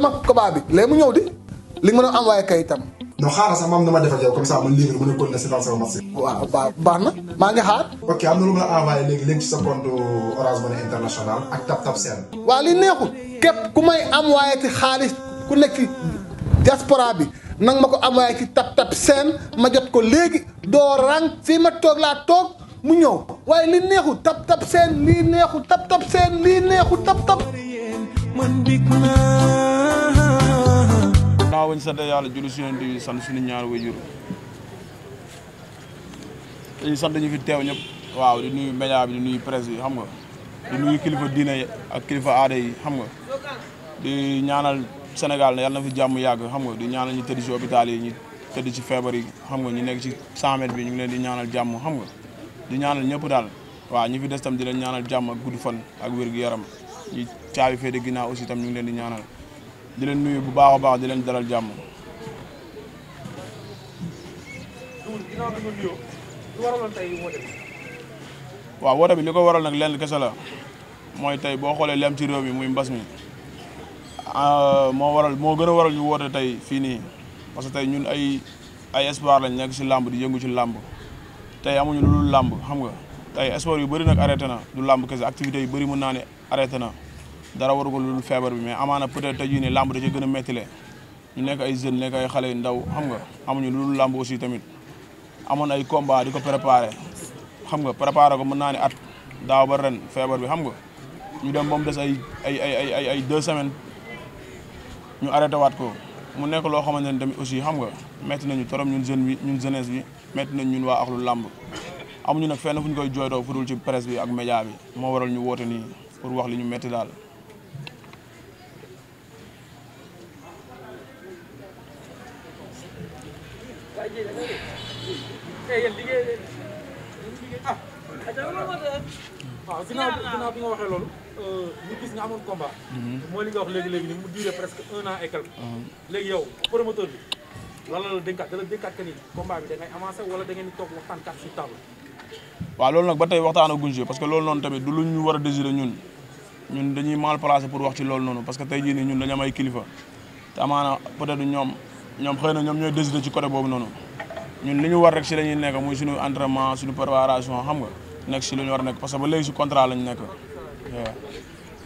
sama combat bi léegi mu ñëw di li nga mën a envoyé kayitam. non xaaral sax ma am na ma defal yow comme ça man léegi mën a continuer si dans sama marché. waaw ma la envoyé léegi léegi ci sa compte Orange Money international ak Tap li neexul képp ku may envoyé ci xaalis ku nekk ci diaspora bi nang ma ko envoyé ci Tap Tap Send ma jot ko léegi doo rang fii ma toog laa toog mu ñëw waaye li neexul Tap Tap Send lii neexul Tap Tap. man big naa. naa wañ sant yàlla julli si yonent sant suñu ñaar waajur dañuy sant ñu fi teew ñëpp waaw di nuyu média bi di nuyu presse bi xam nga di nuyu kilifa diina yi ak kilifa aada yi xam nga di ñaanal Sénégal ne yàlla na fi jàmm yàgg xam nga di ñaanal ñu tëdd si hôpital yi ñu tëdd ci feebar yi xam nga ñu nekk ci 100 bi ñu ngi leen di ñaanal jàmm xam nga di ñaanal ñëpp daal waaw ñu fi des tam di ñaanal jàmm ak gudd fan ak wér yaram yi caabi fee de ginnaaw aussi tam ñu ngi leen di ñaanal di leen nuyu bu baax baax di leen dalal jàmm. waaw woote bi li ko waral nag lenn kese la mooy tey boo xoolee lem ci réew mi muy mbas mi ah, moo waral moo gën a waral ñu woote tey fii nii parce que tey ñun ay ay espoir lañ nekk si làmb di yëngu ci làmb tey amuñu lu làmb xam nga tey espoir yu bari nag arrêté na du làmb kese activités yu bari mën naa ne arrêté na dara waru ko lu feebar bi mais amaana peut-être tey jii nii làmb da ca gën a méttile ñu nekk ay jeunes nekk ay xale yu ndaw xam nga amuñu lu làmb aussi tamit amoon ay combat di ko préparé xam nga préparé ko mën naa ne at daaw ba ren feebar bi xam nga ñu dem ba mu des ay ay ay ay ay semaines ñu arrêté waat ko mu nekk loo xamante ne tamit aussi xam nga métti nañu torop ñun jeune bi ñun jeunesse bi métti nañ ñun waa axlu làmb amuñu nag fenn fu ñu koy jooytoo fu dul ci presse bi ak média bi moo waral ñu woote nii. pour wax li ñu metti daal waaw ginnaaw ginnaaw bi nga waxee euh, gis nga amoon combat mhm. mooy li nga wax léegi-léegi ni mu duré presque un an et quelque mhm. léegi yow promoteur bi lan la la dénkaat da la combat bi da ngay avancé wala da ngeen di toog waxtaan kat si table waaw loolu nag ba tey waxtaan a gunge parce que loolu noonu tamit du lu ñu war a désiré ñun ñun dañuy maal placé pour wax ci loolu noonu parce que tey jii nii ñun dañu am ay kilifa te amaana peut-être ñoom ñoom xëy na ñoom ñooy décider ci côté boobu noonu ñun li ñu war rek si dañuy nekk muy suñu entraînement suñu préparation xam nga nekk si lu ñu war a nekk parce que ba léegi si contrat lañ nekk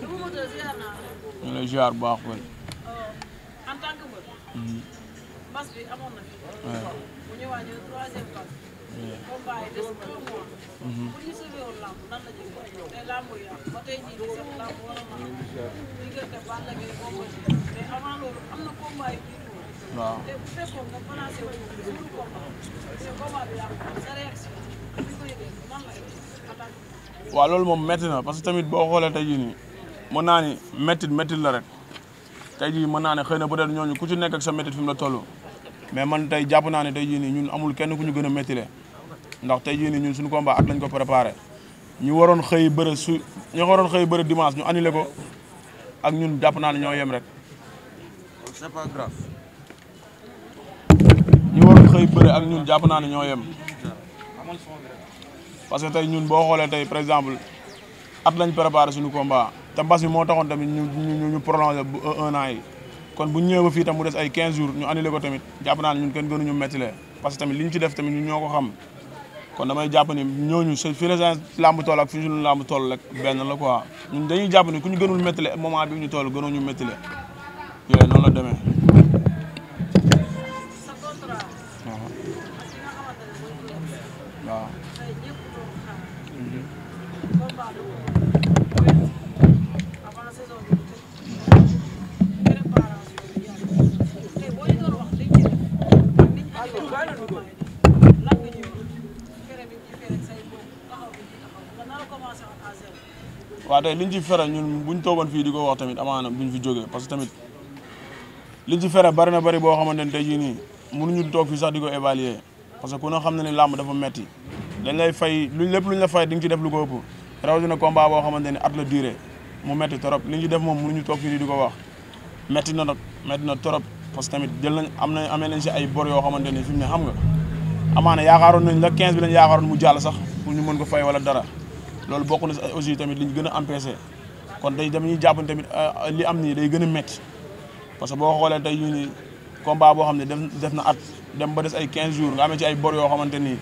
ñu bu baax wér. waaw. waaw loolu moom métti na parce que tamit boo xoolee tey jii nii mën naa ni méttit méttit la rek tey jii mën naa ne xëy na peut-être ñooñu ku ci nekk ak sa méttit fi la toll mais man tey jàpp naa ne tey jii nii ñun amul kenn ku ñu gën a méttile ndax tey jii nii ñun suñu combat at lañ ko préparé ñu waroon xëy bëre su ñu waroon xëy bëre dimanche ñu annulé ko ak ñun jàpp naa ne ñoo yem rek. c'est pas grave. ñu jàpp naa ne ñoo yem. parce que tey ñun boo xoolee tey par exemple at lañ préparé suñu combat te mbas mi moo taxoon tamit ñu ñu ñu prolongé bu euh, un an yi kon bu ñëwee ba fii tam mu des ay 15 jours ñu annulé ko tamit jàpp naa ne ñun kenn gënuñu métti lee parce que tamit li ñu ci def tamit ñun ñoo ko xam. kon damay jàpp ni ñooñu c'est fi la làmb tool ak fi suñu làmb tool rek na la quoi ñun dañuy jàpp ni ku ñu gënul méttale moment bi ñu toll gënoo ñu méttale yooyu noonu la demee tey liñ ci fere ñun buñ toogoon fii di ko wax tamit amaana buñ fi jógee parce que tamit liñ ci fere bari na bari boo xamante ne tey jii nii mënuñu toog sax di ko évaluer parce que ku xam na ne làmb dafa metti dañ lay fay luñ lépp luñ la fay di nga ci def lu ko ëpp rawatina combat boo xamante ne at la durée mu metti trop liñ ci def moom mënuñu toog fii di ko wax metti na nag metti na trop parce que tamit jël nañ am nañ amee nañ si ay bor yoo xamante ne fi mu ne xam nga amaana yaakaaroon nañ la 15 bi lañ yaakaaroon mu jàll sax pour ñu mën ko fay wala dara loolu bokk na aussi tamit li ñu gën a empêché kon day dañuy jàpp ni tamit euh, li am nii day gën a métti parce que boo xoolee tey ñu ni boo xam ne def na at dem ba des ay 15 jours nga amee ci ay bor yoo xamante ni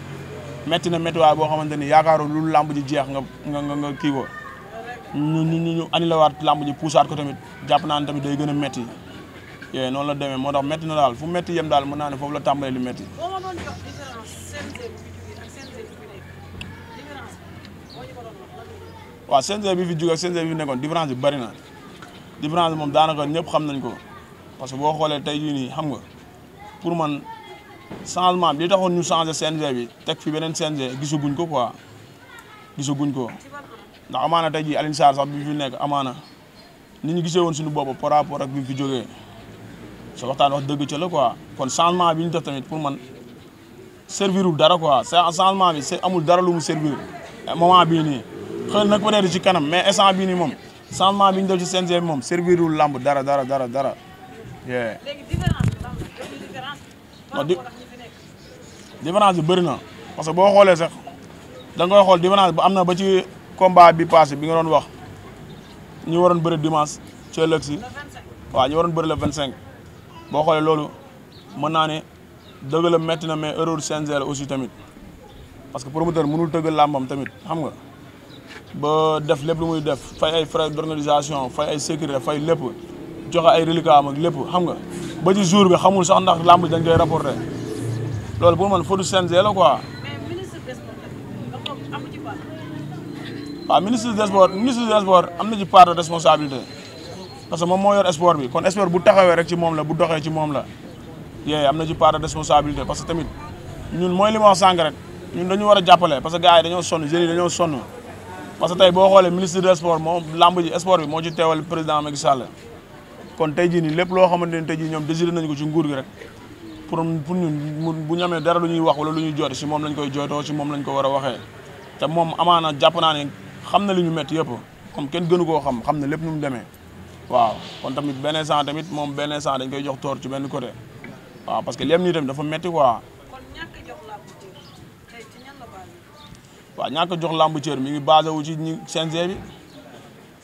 métti na méttiwaay boo xamante ni yaakaaru lu làmb ji jeex nga nga nga kii ko ñu ñu ñu annulé waat làmb ji puusaat ko tamit jàpp naa ne tamit day gën a métti yooyu noonu la demee moo tax métti na daal fu metti yem daal mën naa ne foofu la tàmbalee li waaw CNG bi fi jóge ak CNG bi fi nekkoon différence bi bëri na différence bi moom daanaka ñëpp xam nañ ko parce que boo xoolee tey jii nii xam nga pour man changement bi li taxoon ñu changé CNG bi teg fi beneen CNG gisaguñ ko quoi gisaguñ ko ndax amaana tey jii Alioune Sarr sax bi fi nekk amaana ni ñu gisee woon suñu bopp par rapport ak bi fi jógee sa waxtaan wax dëgg ca la quoi kon changement bi ñu def tamit pour man servirul dara quoi changement bi c'est amul dara lu mu servir moment bii nii. xëy na peut ci kanam mais instant bii nii moom changement bi ñu def ci CNG bi moom servirul làmb dara dara dara dara. léegi bëri na parce que boo xoolee sax danga ngay xool différence bu am na ba ci combat bi passé bi nga roon wax ñu waroon bëri dimanche ci ëllëg si waaw ñu waroon bëri le 25 boo xoolee loolu mën naa ne dëgg la métti na mais erreur CNG la aussi tamit parce que promoteur mënul tëggal làmbam tamit xam nga. ba def lépp lu muy def fay ay frais d'organisation fay ay sécurité fay lépp joxe ay reliquats am ak lépp xam nga ba ci jour bi xamul sax ndax làmb dañ koy rapporté loolu pour man fautu CNG la quoi. waaw ministre des sports ministre des sports am na ci part de responsabilité parce que moom moo yor sport bi kon sport bu taxawee rek ci moom la bu doxee ci moom la yee am na ci part de responsabilité parce que tamit ñun mooy li ma wax sànq rek ñun dañu war a jàppale parce que gars yi dañoo sonn. parce que tey boo xoolee ministre des sports moom lamb ji sport bi moo ci teewal président Macky Sall kon tey jii nii lépp loo xamante ne tey jii ñoom désiré nañu ko ci nguur gi rek pour pour ñun bu ñu amee dara lu ñuy wax wala lu ñuy joote si moom lañ koy jootoo si moom lañ ko war a waxee te moom amaana jàpp naa ne xam na li ñu métti yëpp comme kenn gënu koo xam xam ne lépp ñu mu demee waaw kon tamit benn sant tamit moom beneen sant dañ koy jox toor ci benn côté waaw parce que lépp nii tamit dafa métti quoi waaw ñàkk jox làmb cër mi ngi basé wu ci ñi CNG bi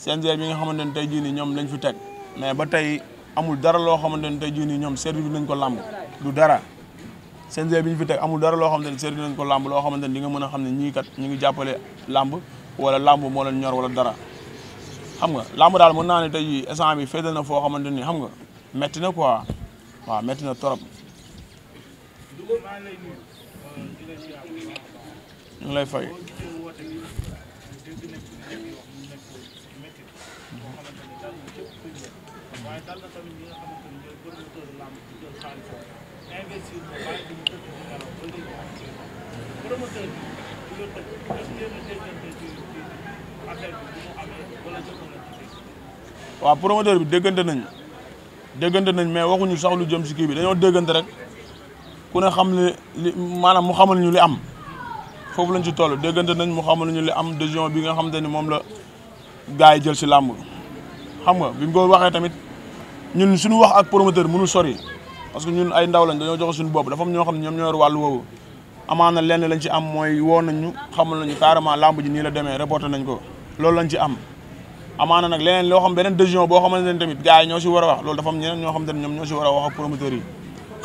CNG bi nga xamante ne tey jii nii ñoom lañ fi teg mais ba tey amul dara loo xamante ne tey jii nii ñoom service nañ ko làmb du dara CNG bi ñu fi teg amul dara loo xamante ne service nañ ko làmb loo xamante ne di nga mën a xam ne ñii kat ñu ngi jàppale làmb wala làmb moo leen ñor wala dara xam nga làmb daal mën naa ne tey jii instant bi féetal na foo xamante ni xam nga metti na quoi waaw metti na trop ñu ngi promoteur bi déggante nañ déggante nañ mais waxuñu sax lu si kii bi dañoo déggante rek ku ne xam ne maanaam mu xamal ñu li am. foofu lañ ci toll déggante nañ mu xamal ñu li am décision bi moom la gars yi jël si làmb xam nga bi mu ko waxee tamit ñun suñu wax ak promoteur mënul sori parce que ñun ay ndaw lañ dañoo joxe am ñoo xam ne ñoom ñoo yor wàllu woowu amaana lenn lañ ci am mooy woo nañ ñu xamal nañu carrément làmb ji nii la demee reporté loolu lañ ci am amaana nag leneen loo xam beneen décision boo xamante ne tamit gars ñoo si war a wax loolu dafa am ñoo xam te ne ñoom ñoo si war a wax ak promoteurs yi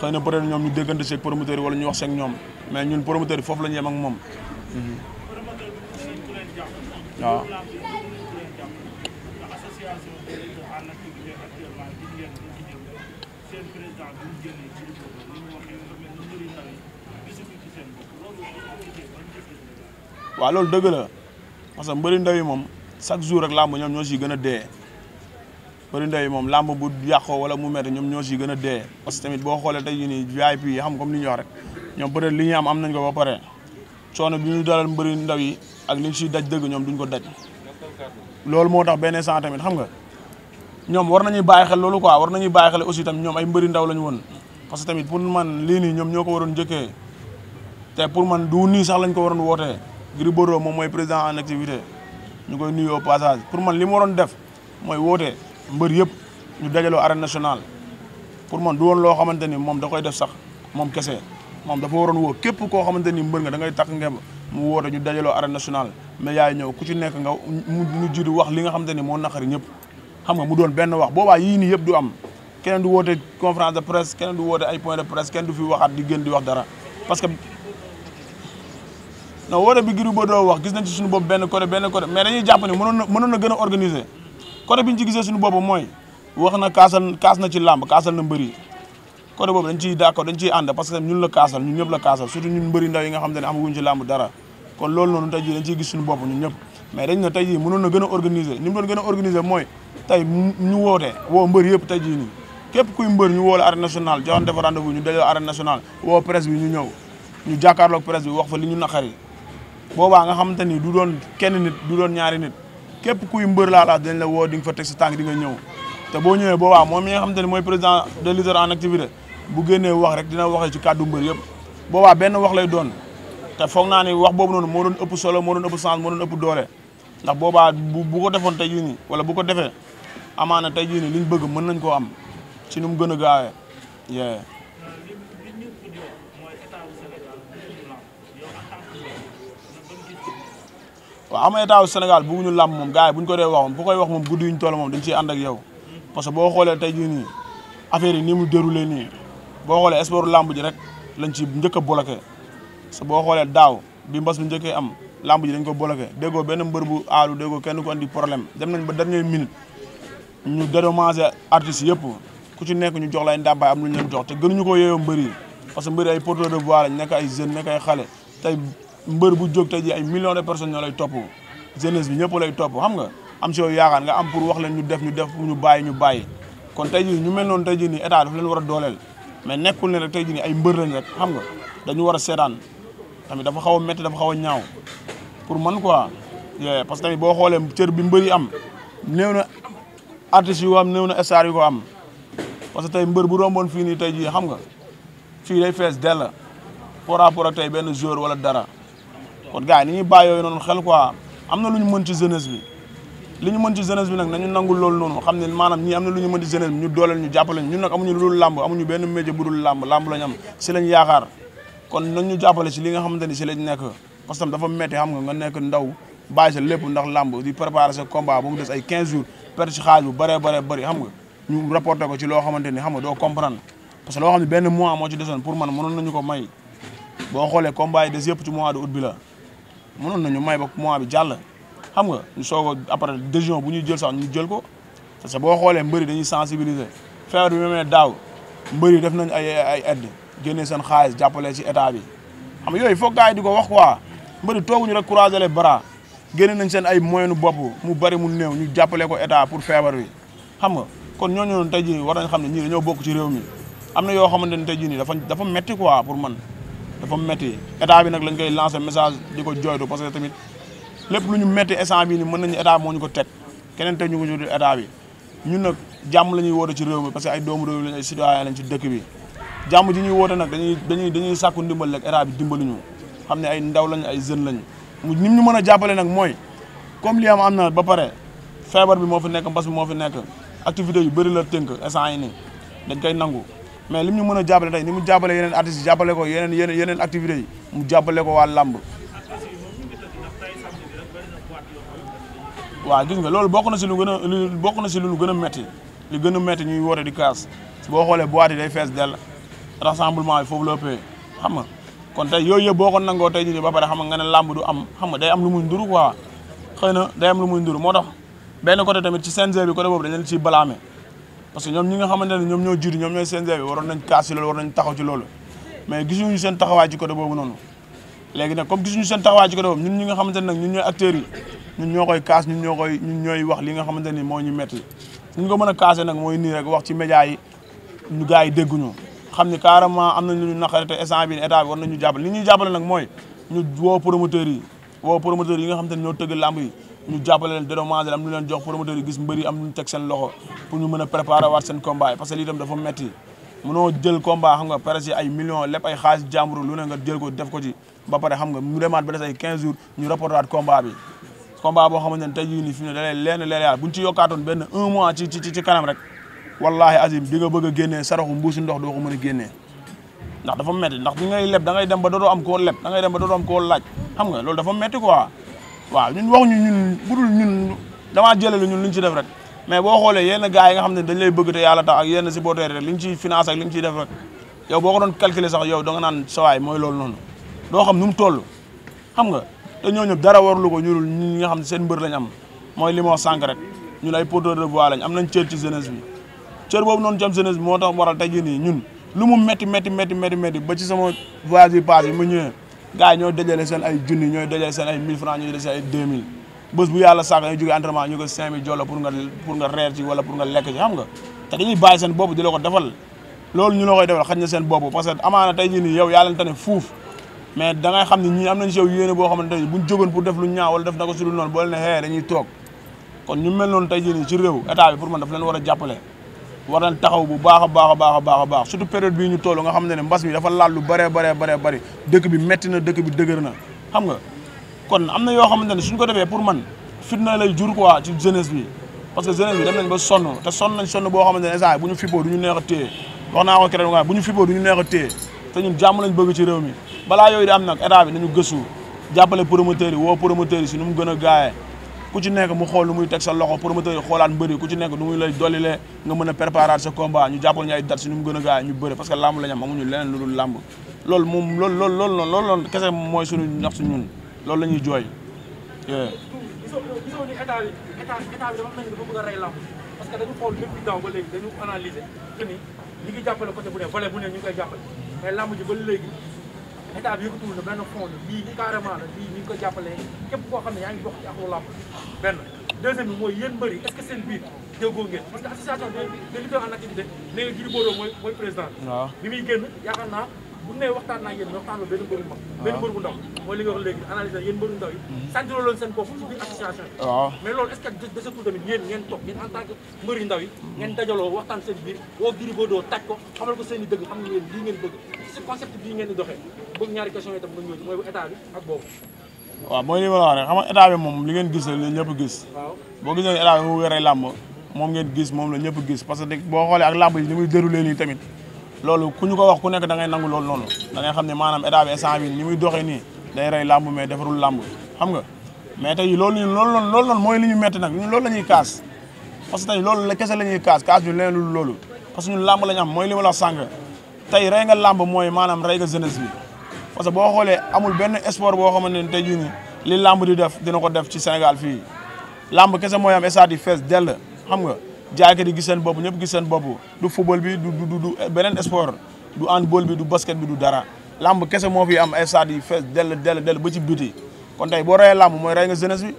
xëy na ñoom ñu déggante seeg promoteur yi wala ñu wax seeg ñoom mais ñun promoteur yi foofu la ñu mm-hmm. loolu dëgg la parce que mbëri ndaw yi moom chaque jour rek làmb ñoom ñoo siy gën a dee. mbëri ndey moom làmb bu yàqoo wala mu métti ñoom ñoo si gën a dee parce que tamit boo xoolee tey jii nii VIP yi xam comme li ñu wax rek ñoom peut être li ñu am am nañ ko ba pare coono bi ñu dalal mbëri ndaw ak li ñu siy daj dëgg ñoom duñ ko daj loolu moo tax benn sant tamit xam nga ñoom war nañu bàyyi xel loolu ko war nañuy bàyyi xel aussi tamit ñoom ay mbëri ndaw lañu woon parce que tamit pour man lii nii ñoom ñoo ko waroon njëkkee te pour man du nii sax lañ ko waroon wootee Gris Bordeaux moom mooy président en activité ñu koy nuyu au passage pour man li mu waroon def mooy wootee mbër yëpp ñu dajaloo arène national pour man du woon loo xamante ni moom da koy def sax moom kese moom dafa waroon woo képp koo xamante ni mbër nga da ngay takk ngemb mu woote ñu dajaloo arène national mais yaay ñëw ku ci nekk nga mu jiitu wax li nga xamante ni moo naqari ñëpp xam nga mu doon benn wax boobaa yii nii yëpp du am keneen du woote conférence de presse keneen du ay point de presse kenn du fi waxaat di gën di wax dara parce que non woote bi Gris Bordeaux wax gis nañ ci mënoon na mënoon na gën a organiser côté bi ñu ci gisee suñu bopp mooy wax na kaasal kaas na ci làmb kaasal na mbëri côté boobu dañ ciy d'accord dañ ciy ànd parce que ñun la kaasal ñun ñëpp la kaasal surtout ñun mbëri ndaw yi nga xam te ne amaguñ ci làmb dara kon loolu noonu tey jii dañ ciy gis suñu bopp ñun ñëpp mais dañ ne tey jii mënoon na gën a organiser ni mu doon gën a organiser mooy tey ñu wootee woo mbër yëpp tey jii nii képp kuy mbër ñu woo la arène nationale joxante fa rendez-vous ñu dajoo arène nationale woo presse bi ñu ñëw ñu jàkkaarloog presse bi wax fa li ñu naqari boobaa nga xamante ni du doon kenn nit du doon ñaari nit képp kuy mbër laa la dañ la woo di nga fa teg sa tànk di nga ñëw te boo ñëwee booba moom mi nga xamante ne mooy président de lutteurs en activité bu génnee wax rek dina waxee ci kàddu mbër yëpp boobaa benn wax lay doon te foog naa ni wax boobu noonu moo doon ëpp solo moo doon ëpp sens moo doon ëpp doole ndax boobaa bu bu ko defoon tey jii nii wala bu ko defee amaana tey jii nii liñ bëgg mën nañ koo am ci nu mu gën a gaawee waaw am état wu Sénégal bëgguñu làmb moom gars yi ko dee wax bu koy wax moom guddi yuñ toll moom dañ ciy ànd ak yow que boo xoolee tey jii nii affaire yi nii mu déroulé nii boo xoolee sport làmb ji rek lañ ci njëkk a bloqué boo xoolee daaw bi mbas bu njëkkee am làmb ji dañ ko bloqué déggoo benn mbër bu aalu déggoo kenn ko andi problème dem nañ ba dernière minute ñu dédommagé artistes yëpp ku ci nekk ñu jox lay ndàmbaay am lu ñu jox te gënuñu ko yeeyoo mbër yi que mbër yi ay porteurs de voix tey mbër bu jóg tey ji ay millions de personnes ñoo lay topp jeunesse bi ñëpp lay topp xam nga am si yow yaakaar nga am pour wax leen ñu def ñu def ñu bàyyi ñu bàyyi kon tey ji ñu mel noonu tey ji nii état daf leen war a dooleel mais nekkul ne rek tey ji nii ay mbër lañ rek xam nga dañu war a seetaan tamit dafa xaw a métti dafa xaw a ñaaw pour man quoi parce que tamit boo xoolee cër bi mbër yi am néew na artistes yu am néew na stars yu ko am parce que tey mbër bu romboon fii nii tey jii xam nga fii day fees dell rapport tey benn joueur wala dara kon gars yi ni ñuy bàyyi yooyu noonu xel quoi am na lu ñu mën ci jeunesse bi li ñu mën ci jeunesse bi nag nañu nangul loolu noonu xam ne maanaam ñii am na lu ñu mën ci jeunesse bi ñu dooleel ñu jàppale ñu ñun nag amuñu lu dul làmb amuñu benn métier bu dul làmb làmb lañ am si lañ yaakaar kon si li nga xamante ni si lañ nekk parce que dafa métti xam nga nga nekk ndaw bàyyi sa lépp ndax làmb di préparer sa combat ba mu des ay 15 jours perte si xaaj bu bëree bëree bëri xam nga ñu rapporté ko ci loo xamante ni xam nga doo comprend parce que loo xam ne benn mois moo ci desoon pour man mënoon nañu ko may boo xoolee combat des yëpp ci mois de août bi mënoon nañu may ba mois bi jàll xam nga ñu soog a après décision bu ñuy jël sax ñu jël ko parce que boo xoolee mbari dañuy sensibiliser feebar bi même ne daaw mbëri def nañ ay ay aide génnee seen xaalis jàppale si état bi xam nga yooyu foog gars yi di ko wax quoi mbëri tooguñu rek croiser les bara génne nañ seen ay moyenu bopp mu bari mu néew ñu jàppale ko état pour feebar bi xam nga kon ñooñu noonu tey jii war nañ xam ne ñii dañoo bokk ci réew mi am na yoo xamante ne tey jii nii dafa dafa metti quoi pour man dafa métti état bi nag lañ koy lancer message di ko jooytu parce que tamit lépp lu ñu métti instant bii nii mën nañu état moo ñu ko teg keneen te ñu ko jooytu état bi ñun nag jàmm la ñuy woote ci réew mi parce que ay doomu réew lañ ay citoyen lañ bi jàmm ji ñuy woote nag dañuy dañuy dañuy sàkku ndimbal rek état bi dimbali ñu xam ne ay ndaw lañ ay jeunes lañ ni ñu mën a jàppale nag mooy comme li am am na ba pare feebar bi moo fi nekk mbas bi moo fi nekk activité yu bëri la tënk instant yi nii dañ koy nangu mais lim ñu mën a jàppale tey ni mu jàppale yeneen artistes yi jàppale ko yeneen yeneen mu jàppale ko waa làmb waaw gis nga loolu bokk na si lu gën a bokk na si lu gën a métti li gën a métti ñuy woote di kaas boo xoolee boîte yi day fees dell rassemblement yi foofu la ëppee xam nga kon tey yooyu yëpp boo ko nangoo tey jii ba pare xam nga ne làmb du am xam day am lu muy nduru quoi xëy na day am lu muy nduru moo tax benn côté tamit ci CNG bi côté boobu dañ leen ciy balaame parce que ñoom ñi nga xamante ne ñoom ñoo jiitu ñoom ñooy CNG bi waroon nañ kaas ci loolu war nañ taxaw ci loolu mais gisuñu seen taxawaay ci côté boobu noonu léegi nag comme gisuñu seen taxawaay ci côté boobu ñun ñi nga xamante ne nag ñun ñooy acteurs yi ñun ñoo koy kaas ñun ñoo koy ñun ñooy wax li nga xamante ni moo ñu metti ñu ko mën a kaase nag mooy nii rek wax ci média yi ñu gars yi dégguñu xam ni carrément am nañ ñu naqare te instant bi état bi nañu jàppale li ñuy jàppale nag mooy ñu woo promoteurs yi woo promoteurs yi nga xamante ne ñoo tëgg làmb yi ñu jàppale leen dédommagé am lu leen jox promoteur yi gis mbëri am lu teg seen loxo pour ñu mën a préparer waat seen combat parce que lii tam dafa metti mënoo jël combat xam nga presque ay millions lépp ay xaalis jàmbur lu ne nga jël ko def ko ci ba pare xam nga mu demaat ba des ay 15 jours ñu reporté waat combat bi combat boo xamante ne tey jii nii fi mu ne da leen leer buñ ci yokkaatoon benn un mois ci ci ci kanam rek wallahi azim nga bëgg a ngay dem ba dootoo am koo leb xam nga loolu dafa metti waaw ñun waxuñu ñun budul ñun damaa jëlelu ñun lu ñu ci def rek mais boo xoolee yenn gars yi nga xam ne dañ lay bëgg te yàlla tax ak yenn supporters rek li ñu ciy financé ak li ñu ciy def rek yow boo ko doon calculer sax yow da nga naan sawaay mooy loolu noonu doo xam nu mu toll xam nga te ñooñu dara warlu ko ñurul ñi nga xam ne seen mbër lañ am mooy li moo sànq rek ñun ay porteur de voix lañ am nañ cër ci jeunesse bi cër boobu noonu ci am moo tax waral tey jii ñun lu mu métti métti métti métti métti ba ci sama voyage bi pass yi ma ñëwee gars yi ñoo dajale seen ay junni ñooy dajale seen ay 1000 francs ñooy dajale seen ay 2000 bés bu yàlla sàkk dañuy jógee entraînement ñu ko 5000 jolo pour nga reer ci wala pour nga lekk ci xam nga te dañuy bàyyi seen bopp di la ko defal loolu ñu la koy defal xaj na seen xam ne ñii am pour def lu ñaaw wala def ko su noonu boo leen ne xee toog kon ñu mel noonu tey jii nii ci réew état bi pour man daf leen war a jàppale war nañ taxaw bu baax a baax baax a baax baax surtout période bii ñu toll nga xam ne ne mbas mi dafa laal lu bëree baree baree bëri dëkk bi metti na dëkk bi dëgër na xam nga kon am na yoo xamante ne suñ ko defee pour man fit fitna lay jur quoi ci jeunesse bi parce que jeunesse bi dem nañ ba sonn te sonn nañ sonn boo xamante ne saa bu ñu fippoo du ñu neex a téye wax naa ko keroog waaye bu ñu fippoo du ñu neex a téye te ñun jàmm lañ bëgg ci réew mi balaa yooyu di am na état na nañu gëstu jàppale promoteurs yi woo promoteurs yi si nu mu gën a gaawee ku ci nekk mu xool nu muy teg sa loxo promoteur yi xoolaat mbëri ku ci nekk nu muy lay dolilee nga mën a préparer sa combat ñu jàppal ñu ay date si nu mu gën a gaaw ñu bëri parce que làmb la ñu am amuñu leneen lu dul làmb loolu moom loolu loolu loolu noonu loolu noonu kese mooy suñu ñax su ñun loolu la ñuy jooy parce que dañu xool depuis daaw ba léegi dañu analyser que ni ñi ngi jàppale côté bu ne volet bu ne ñu ngi koy jàppale mais làmb ji ba léegi état bi yëkkatuwul ne benn fond la lii carrément la lii ñu ngi ko jàppalee képp koo xam ne yaa ngi bokk ci ak benn deuxième bi mooy yéen mbëri est-ce que seen biir déggoo ngeen parce que association activité ne nga Gris Bordeaux mooy mooy président bi muy génn yaakaar naa bu ne waxtaan naa yéen waxtaan la benn mbëru mag benn ah. mbëru bu ndaw mooy li nga hmm. ah. ngeen toog ngeen en tant que mbëri ndaw yi ngeen dajaloo waxtaan seen biir woo Gris Bordeaux taj i dëgg xam ne yéen lii ma wax moom li ngeen gis la ñëpp gis boo gisee état bi mu wéree làmb moom ngeen gis moom la ñëpp gis parce que boo xoolee ak làmb yi ni muy déroulé nii tamit loolu ku ñu ko wax ku nekk da ngay nangu loolu noonu da xam ne maanaam état bi instant bi ni muy doxee nii day rey làmb mais defarul làmb xam nga mais tey loolu ñun loolu noonu loolu noonu mooy li ñu metti nag ñun loolu la ñuy kaas parce tey loolu la kese la ñuy kaas kaas ñu leen lul loolu parce que làmb la ñu am mooy li ma la sànq tey rey nga làmb mooy maanaam rey nga jeunesse bi parce que boo xoolee amul benn sport boo xamante ne tey jii nii li làmb di def dina ko def ci Sénégal fii làmb kese mooy am stade yi fees dell xam nga jaaykat yi gis seen bopp ñëpp gis seen bopp du football bi du du du eh, beneen sport du handball bi du basket bi du dara làmb kese moo fi am ay stade yi fees dell dell dell ba ci biti kon tey boo reyee làmb mooy rey nga jeunesse bi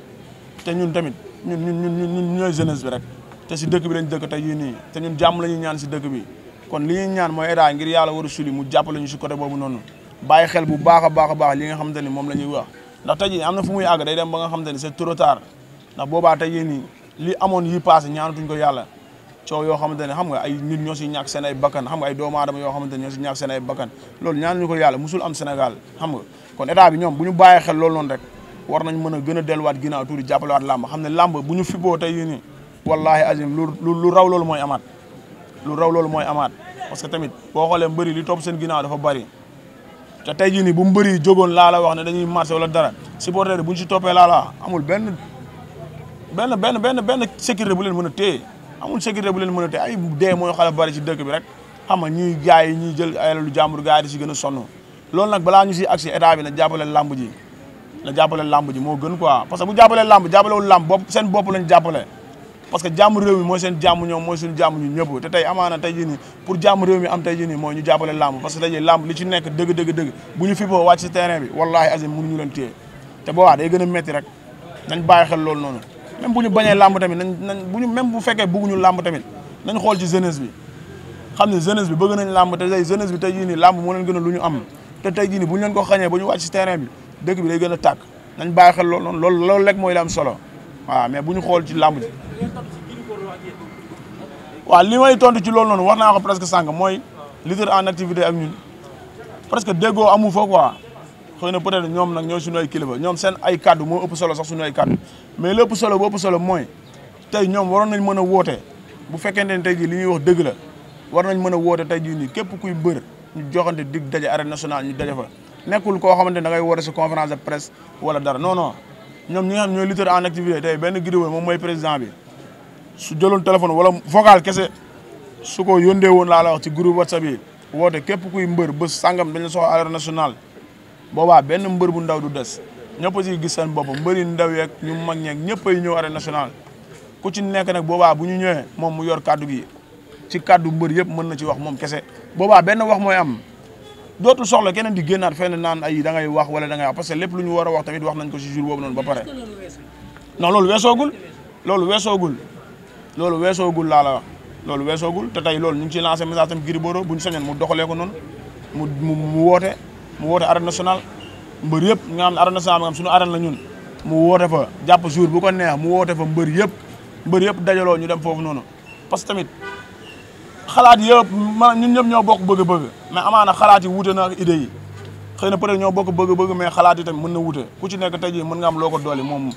te ñun tamit ñun ñun ñun ñun ñooy jeunesse bi rek te si dëkk bi lañ dëkk tey yii nii te ñun jàmm la ñuy ñaan si dëkk bi kon li ñu ñaan mooy état ngir yàlla war a suli mu jàppale ñu si côté boobu noonu bàyyi xel bu baax a baax a baax li nga xamante ni moom la ñuy wax ndax tey na fu muy àgg day dem ba nga xamante ni c'est trop tard boobaa tey yii nii li amoon yi passé ñaanatuñ ko yàlla coow yoo xamante ne xam nga ay nit ñoo si ñàkk seen ay bakkan xam nga ay doomu aadama yoo xamante ne ñoo si ñàkk seen ay bakkan loolu ñaanuñu ko yàlla sul am Sénégal xam nga kon état bi ñoom bu ñu bàyyee xel loolu noonu rek war nañ mën gën a delluwaat ginnaaw tuuti jàppalewaat làmb xam ne làmb bu ñu fippoo tey yii nii wallahi azim lu lu raw loolu mooy amaat lu raw loolu mooy amaat parce que tamit boo xoolee mbëri li topp seen ginnaaw dafa bari te tey jii nii bu mbëri jógoon laa la wax ne dañuy marché wala dara supporter bu ñu si toppee laa la amul benn benn benn benn benn sécurité bu leen mën a téye amul sécurité bu leen mën a téye ay dee mooy xala bari ci dëkk bi rek xam nga ñuy gars yi jël ay lu jàmbur gars yi di si gën a sonn loolu nag balaa ñu si agsi état bi na jàppale làmb ji na jàppale làmb moo gën quoi parce que bu jàppalee làmb jàppalewul làmb bopp seen bopp lañ jàppale parce que jàmm réew mi mooy seen jàmm ñoom mooy suñu jàmm ñu ñëpp te tey amaana tey jii nii pour jàmm réew mi am tey jii nii mooy ñu jàppale làmb parce que tey jii làmb li ci nekk dëgg dëgg dëgg bu ñu fipoo wàcc si bi wallahi azim mënuñu leen téye te boobaa day gën a bàyyi xel loolu noonu même bu ñu bañee làmb tamit nañ nañ bu ñu même bu fekkee bëgguñu làmb tamit nañ xool ci jeunesse bi xam ne jeunesse bi bëgg nañ làmb te tey jeunesse bi tey jii nii làmb moo leen gën a lu ñu am te tey jii nii bu ñu leen ko xañee ba ñu wàcc ci terrain bi dëkk bi day gën a tàkk nañ bàyyi xel loolu lool loolu rek mooy la am solo waaw mais bu ñu xool ci làmb ji waaw li may tontu ci loolu noonu wax naa ko presque sànq mooy lutteur en activité ak ñun presque déggoo amu fa quoi xëy na peut ñoom nag ñooy suñu ay kilifa ñoom seen ay kàddu moo ëpp solo sax suñu ay kàddu mais lépp solo bu ëpp solo mooy tey ñoom waroon nañ mën a woote bu fekkente ne tey jii li ñuy wax dëgg la war nañ mën a woote tey jii nii képp kuy bër ñu joxante dig daje arène national ñu daje fa nekkul koo xamante ne da ngay woote si conférence de presse wala dara non non ñoom ñi nga xam ñooy lutteur en activité tey benn giriwél moom mooy président bi su jëloon téléphone wala vocal kese su ko yóndee woon laa la wax ci groupe whatsapp yi képp kuy mbër bés sàngam dañ la soxla arène nationale boobaa benn mbër bu ndaw du des ñëpp si gis seen bopp mbër yu ndaw yeeg ñu mag ñeeg ñëpp ñu ñëw arène nationale ku ci nekk nag boobaa bu ñu ñëwee moom mu yor kàddu gi ci kàddu mbër yëpp mën na ci wax moom kese booba benn wax mooy am dootul soxla keneen di génnaat fenn naan ay da wax wala da ngay wax parce que lépp lu ñu war a wax tamit wax nañ ko si jour boobu noonu ba pare non loolu weesoogul loolu weesoogul loolu weesoogul laa la loolu weesoogul te tey loolu ñu ngi ciy lancé message tam Gris Bordeaux bu ñu soñoon mu doxalee ko noonu mu mu woote mu woote arène national mbër yëpp nga xam ne arène nationale bi nga xam na arène ñun mu woote fa jàpp jour bu ko neex mu woote fa mbër yëpp mbër yëpp dajaloo ñu dem foofu noonu parce que tamit xalaat yëpp ma ñun ñëpp ñoo bokk bëgg-bëgg mais amaana xalaat yi wuute na ak idée yi xëy na peut-être ñoo bëgg mais xalaat yi tamit mën na wuute ku ci nekk tey jii mën nga am loo ko moom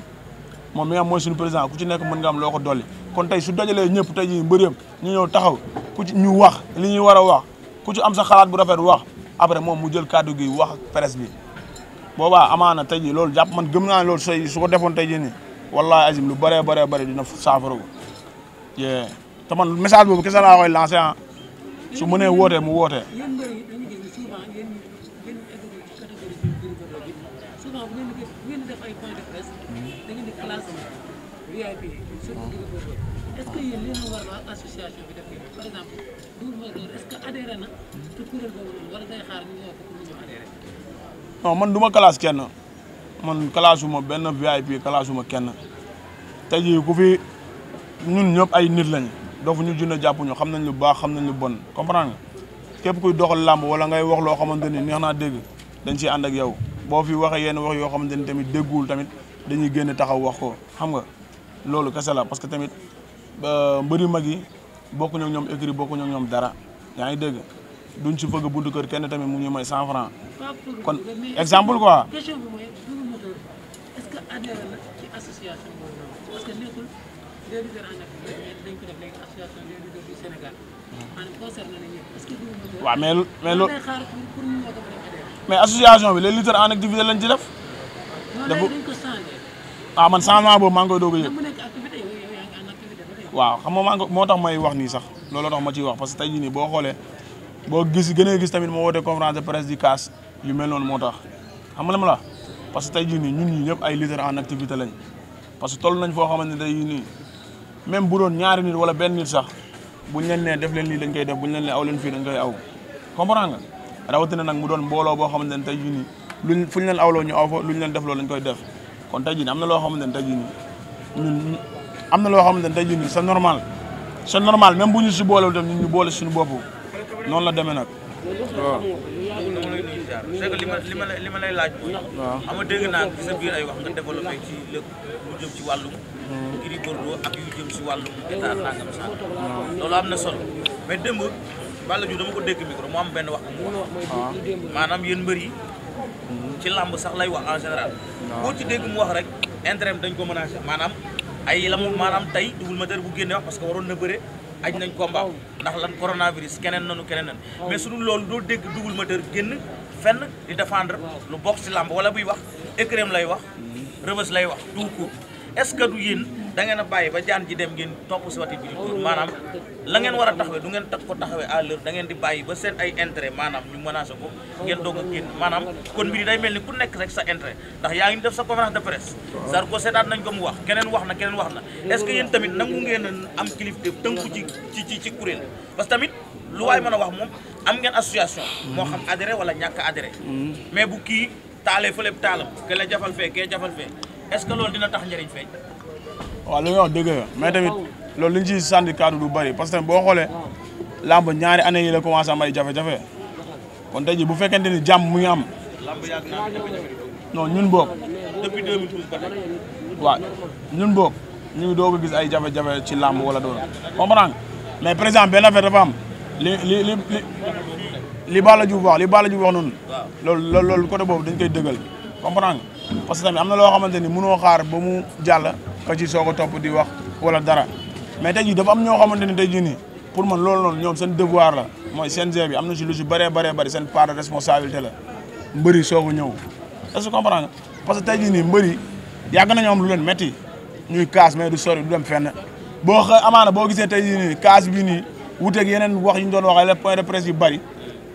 moom mi nga am mooy suñu ku ci nekk mën nga am loo ko dolli kon tey su dajalee ñëpp tey jii mbër yëpp ñu ñëw taxaw ku ci ñu wax li ñuy war a wax ku ci am sa xalaat bu rafet wax après moom mu jël kàddu gi wax ak presse bi boobaa amaana tey jii loolu jàpp man gëm naa loolu sooy su ko defoon tey jii nii wallaahi lu bëree bëree bëri dina saafara ko te man message boobu kese laa koy lancé ah mënee wootee mu wootee. non man du ma classe kenn man classuma benn VIP classuma kenn tey jii ku fi ñun ñëpp ay nit lañ doofu ñu junne jàpp ñu xam nañ lu baax xam nañ lu bon comprendre nga képp kuy doxal làmb wala ngay wax loo xamante ni neex naa dégg dañ ciy ànd ak yow boo fi waxee yenn wax yoo xamante ni tamit déggul tamit dañuy génn taxaw wax ko xam nga loolu kese la parce que tamit mbëri mag yi bokku ak ñoom écrit bokkuñu ak ñoom dara yaa ngi dégg duñ si fëgg buntu kër kenn tamit mu ñu may cent franc kon exemple ko def léegi waaw mais mais loolu mais bi les lutteurs en activité lañ ci def. dafa waaw ah, man changement boobu koy doog a yëg waaw xam nga maa moo tax may wax nii sax looloo tax ma ciy wax parce que tey jii nii boo xoolee. boo gis gënee gis tamit moo woote conférence de presse di kaas yu mel noonu moo tax xam nga la ma la parce que tey jii nii ñun ñi ñëpp ay leader en activité lañ parce que toll nañ foo xamante ne tey même bu ñaari nit wala benn nit sax buñ leen nee def leen lii dañ koy def buñ leen nee aw leen fii dañ koy aw comprendre nga rawatina nag mu doon mbooloo boo xamante ne tey jii nii luñ fuñ leen awloo ñu aw fa leen def loolu koy def kon tey jii am na loo xamante ne tey jii nii ñun am na loo xamante ne tey jii nii normal c'est normal même bu ñu si boolewul tam ñun ñu boole suñu bopp noonu la demee nag waaw. c'est que li ma li ma li lay laaj. waaw xam nga dégg naa ci sa biir ay wax nga développé ci lépp lu jëm ci wàllum. Hmm. Gris Bordeaux ak yu jëm si wàllum hmm. état nangam sax. Hmm. loolu am na solo mais démb Balla Diouf dama ko dégg micro mu am benn wax mu wax. Ah. maanaam yéen mbër yi. ci làmb sax lay wax en général. boo ci dégg mu wax rek intérêt dañ ko mën menacé maanaam ay la moom maanaam tey ma Moteur bu génne wax parce que waroon na bëre. aj nañ combat ndax lan coronavirus keneen nanu keneen nan mais suñu loolu doo dégg Double Moteur génn fenn di défendre lu bokk si làmb wala buy wax écrém lay wax rëbës lay wax tout court est-ce que du yéen dangeen a bàyyi ba jaan ji dem ngeen topp si wati bi maanaam la ngeen war a taxawee du ngeen tax ko taxawee à l'heure da di bàyyi ba seen ay intérêt maanaam ñu menacé ko ngeen doog a génn maanaam kon mbir yi day mel ni ku nekk rek sa intérêt ndax yaa ngi def sa conférence de presse Zarko seetaan nañ ko mu wax keneen wax na keneen wax na est-ce que tamit nangu ngeen am kilif de tënku ci ci ci ci kuréel parce que tamit lu waay mën a wax moom am ngeen association mm-hmm. moo xam adhéré wala ñàkk adhéré mm-hmm. mais bu kii taalee fële taalam ke la jafal fee kee jafal fee est-ce que loolu dina tax njëriñ feeñ waaw li nga wax dëgg la mais tamit loolu li ñu ciy sànni kaddu du bëri parce que boo xoolee lamb ñaari année yi la commencé am ay jafe-jafe kon tey jii bu fekkente ni jàmm mu ngi am. làmb yàgg ñun boog depuis 2012 ba tey. waaw ñun boobu ñu ngi doog a ay jafe-jafe ci làmb wala doon comprendre mais par exemple benn affaire dafa am li li li li Balla Diouf wax li Balla Diouf wax noonu. waaw lool loolu côté boobu dañ koy dëggal comprendre parce tamit am na loo xamante ni mënoo xaar ba mu jàll ka ci soog a topp di wax wala dara mais tey jii dafa am ñoo xamante ni tey jii nii pour man loolu noonu ñoom seen devoir la mooy CNG bi am na si lu si bëree bëree bëri seen part de responsabilité la mbëri soo a ñëw est-ce que comprendre parce que tey jii nii mbëri yàgg nañoo am lu leen métti ñuy kaas mais du sori du dem fenn boo xa amaana boo gisee tey jii nii kaas bi nii wuteeg yeneen wax yu ñu doon waxee les points de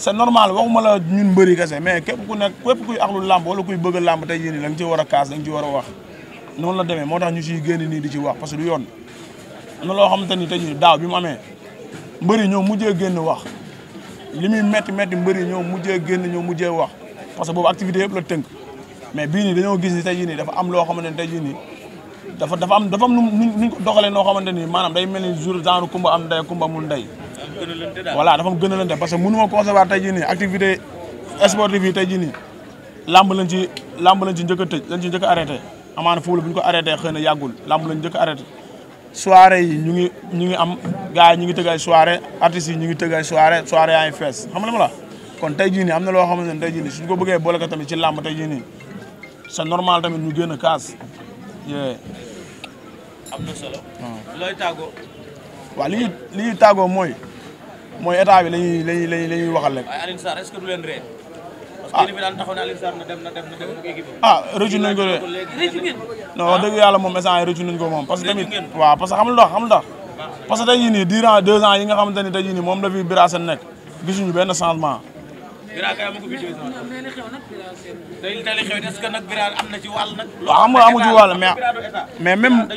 c'est normal waxuma la ñun mbëri kese mais képp ku nekk képp kuy axlu làmb wala kuy bëgg a làmb tey yéen la nga ci war a kaas da nga ci war a wax noonu la demee moo tax ñu siy génne nii di ci wax parce que du yoon am na loo xamante ni tey daaw bi mu amee mbëri ñoo mujjee génn wax li muy métti métti mbëri ñoo mujjee génn ñoo mujjee wax parce que boobu yëpp la tënk mais bii nii dañoo gis ni tey jii nii dafa am loo xamante ni tey jii nii dafa dafa am dafa am nu ñu ko doxalee noo xamante ni maanaam day mel ni jour genre kumba am ndey kumba amul ndey voilà dafa am gën a lante parce que mënu ma conserver tey jii nii activité sportive yi tey jii nii lamb lañ ci lamb lañ ci njëkk a lañ ci njëkk a arrêté amaana foofu bu ñu ko arrêté xëy na yàggul lamb lañ njëkk a arrêté yi ñu ngi ñu ngi am gars ñu ngi tëgg ay soirée artistes yi ñu ngi tëgg ay soirée soirée yaa ngi fees xam nga ma la kon tey jii nii am na loo xamante ne tey jii nii suñ ko bëggee boole ko tamit ci làmb tey jii nii normal tamit ñu génn kaas yee solo ah. looy li ñuy li ñuy mooy mooy état bi lañuy lañuy lañuy la ñuy waxal rek. waaye Alioune Sarr est-ce que du leen ree. ah parce que ah. daan taxaw ne Alioune Sarr na dem na ah, ko de. rëccu ngeen non wax moom instant yii rëccu nañ ko moom. parce que tamit waaw parce que xamul ndax xamul ndax. parce que tey jii nii deux ans yi nga xamante ni tey jii moom la fi Bira Sène nekk gisuñu benn changement. Bira am na ci wàll nag. waaw xam nga amu ci mais même.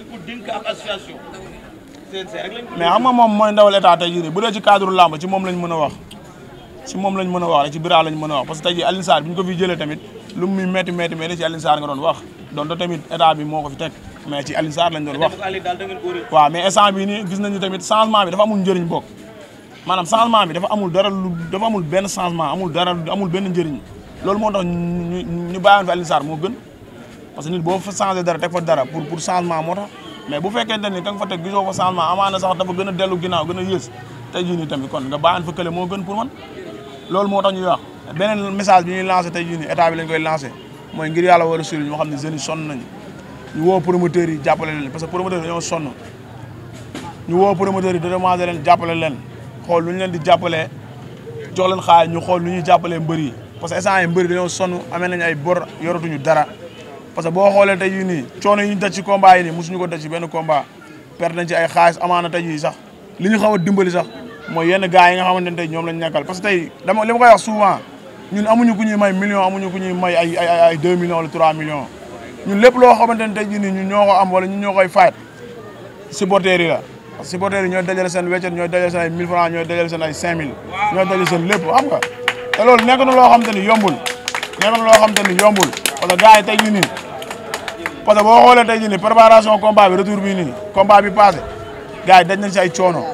mais xam nga moom mooy ndawal état tey jii nii bu dee ci cadre làmb ci moom lañ mën a wax ci moom lañ mën a wax rek ci bira lañ mën a wax parce que tey jii tamit lu muy métti métti métti ci bi moo dafa amul njëriñ bokk maanaam changement bi benn changement amul dara amul benn njëriñ loolu moo tax ñu ñu bàyyoon moo gën parce que nit boo fa changé dara teg fa dara pour changement moo tax mais bu fekkente ni da nga fa teg gisoo fa changement amaana sax dafa gën a dellu ginnaaw gën a yées tey jii tamit kon nga bàyyi fa kële moo gën pour man loolu moo tax ñuy wax beneen message bi ñuy lancé tey jii nii état bi lañ koy lancé mooy ngir yàlla war a suri ñoo xam ne jeunes yi sonn nañu ñu woo promoteurs yi jàppale leen parce que promoteurs yi dañoo sonn ñu woo promoteurs yi dédommagé leen jàppale leen xool lu ñu leen di jàppalee jox leen xaalis ñu xool lu ñuy jàppalee mbër yi parce que instant yi mbër yi dañoo sonn amee nañu ay bor yoratuñu dara parce que boo xoolee tey jii nii coono yi ñu daj ci combat yi nii mosuñu ko daj ci benn combat perte nañ ci ay xaalis amaana tey sax li ñu xaw a dimbali sax mooy yenn gars yi nga xamante ne ñoom lañ ñàkkal parce que tey dama li may million amuñu ku ñuy may ay ay ay wala trois millions ñun lépp loo xamante ne tey jii nii ñun ñoo ko am wala ñun ñoo koy fayet supporters yi la parce que supporters seen weccet ñooy dajale seen ay 1000 francs xam nga te loolu nekk na loo xamante ni yombul nekk parce que gars tey ñu nii parce que boo xoolee tey ñu nii préparation combat bi retour bi nii combat bi passé gars yi daj nañ si ay coono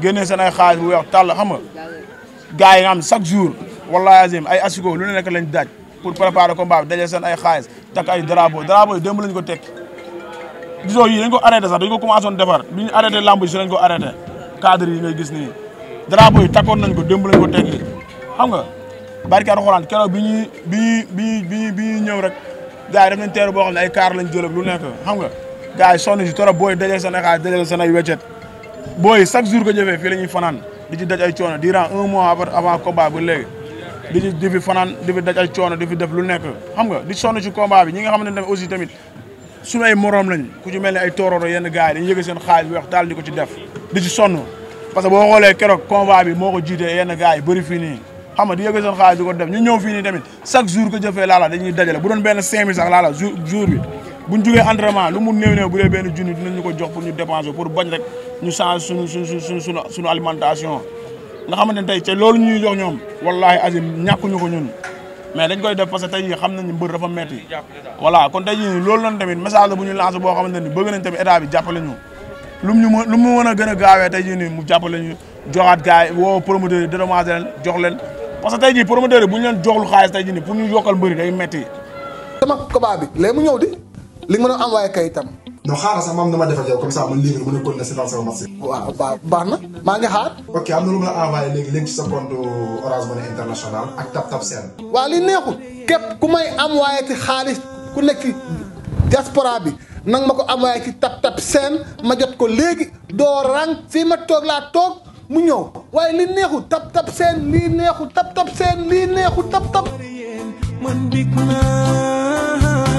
génne seen ay xaalis bu weex tàll xam nga gars yi nga chaque jour wallahi azim ay asiko lu ne nekk lañ daaj pour préparer combat bi dajale seen ay xaalis takk ay drapeau drapeau yi démb lañ ko tekki disons yii dañ ko arrêté sax dañ ko commencé woon defar bi ñu arrêté lamb yi si lañ ko arrêté cadre yi ngay gis nii drapeau yi takkoon nañ ko démb lañ ko tekki xam nga barke alxuraan keroog bi ñuy bi ñuy bi bi ñuy ñëw rek gars yi def nañ boo xam ne ay kaar lañ jël ak lu nekk xam nga gars yi sonn si trop booy dajale seen ay xaalis dajale seen ay weccet booy chaque jour ko jëfee fii la ñuy fanaan di ci daj ay coono durant un mois avant combat ba léegi di ci fanaan di daj ay coono di def lu nekk xam nga di sonn ci combat bi ñi nga xam ne tamit aussi tamit suñu ay morom lañ ku ci mel ni ay toororo yenn gars yi dañuy seen xaalis bi wax daal di ko ci def di ci sonn parce que boo xoolee keroog combat bi moo ko jiitee yenn gars yi bëri fii nii xam nga di yëg seen xaalis di def ñu ñëw fii nii tamit chaque jour que jëfee laala dañuy dajale bu doon benn cinq mille sax laala jour jour bi buñ jugee entraînement lu mu néew néew bu dee benn junni dinañ ñu ko jox pour ñu dépenser pour bañ rek ñu change suñu suñu alimentation nga xamante ne tey ca loolu ñuy jox ñoom wallahi azim ñu ko ñun mais dañ koy def parce que tey jii xam ñu mbër dafa metti voilà kon tey jii loolu noonu tamit message bu ñu lancé boo xamante ni bëgg nañ tamit état bi jàppale ñu lu mu ñu a gën a gaawee tey jii nii mu jàppale ñu joxaat woo promoteur yi jox leen parce que tey jii promoteur yi bu ñu leen joxlu xaalis tey jii nii pour ñu yokkal mbëri day metti sama combat bi léegi mu ñëw di li nga mën a envoyé kayitam non xaaral sax maam dama defal yow comme ça man léegi mën a continuer si dans sama marché waaw maa ngi xaar ok am na lu ma la envoyé léegi léegi ci sa compte Orange Money international ak Tap Tap Send waaw li neexul képp ku may envoyé ci xaalis ku nekk ci diaspora bi nang ma ko envoyé ci Tap Tap Send ma jot ko léegi doo rang fii ma toog laa toog mu ñëw waaye li neexu tap tap seen lii neexu tap tap seen lii neexu tap tap. man big naa.